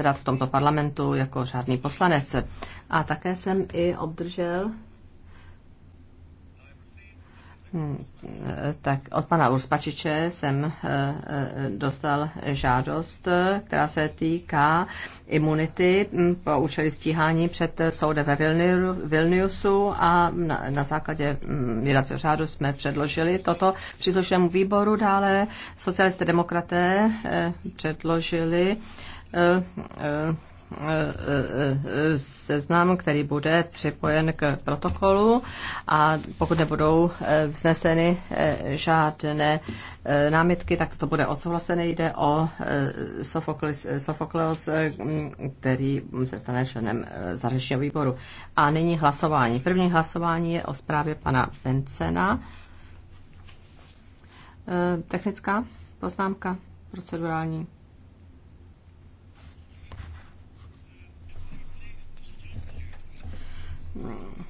teda v tomto parlamentu jako řádný poslanec. A také jsem i obdržel tak od pana Urspačiče jsem eh, eh, dostal žádost, eh, která se týká imunity hm, po účely stíhání před soudem ve Vilniusu a na, na základě hm, jednacího řádu jsme předložili toto příslušnému výboru. Dále socialisté demokraté předložili seznam, který bude připojen k protokolu a pokud nebudou eh, vzneseny eh, žádné eh, námitky, tak to bude odsouhlasené. Jde o Sofokleos, který se stane členem zahraničního výboru. A nyní hlasování. První hlasování je o zprávě pana Vencena. Technická poznámka, procedurální. Hmm.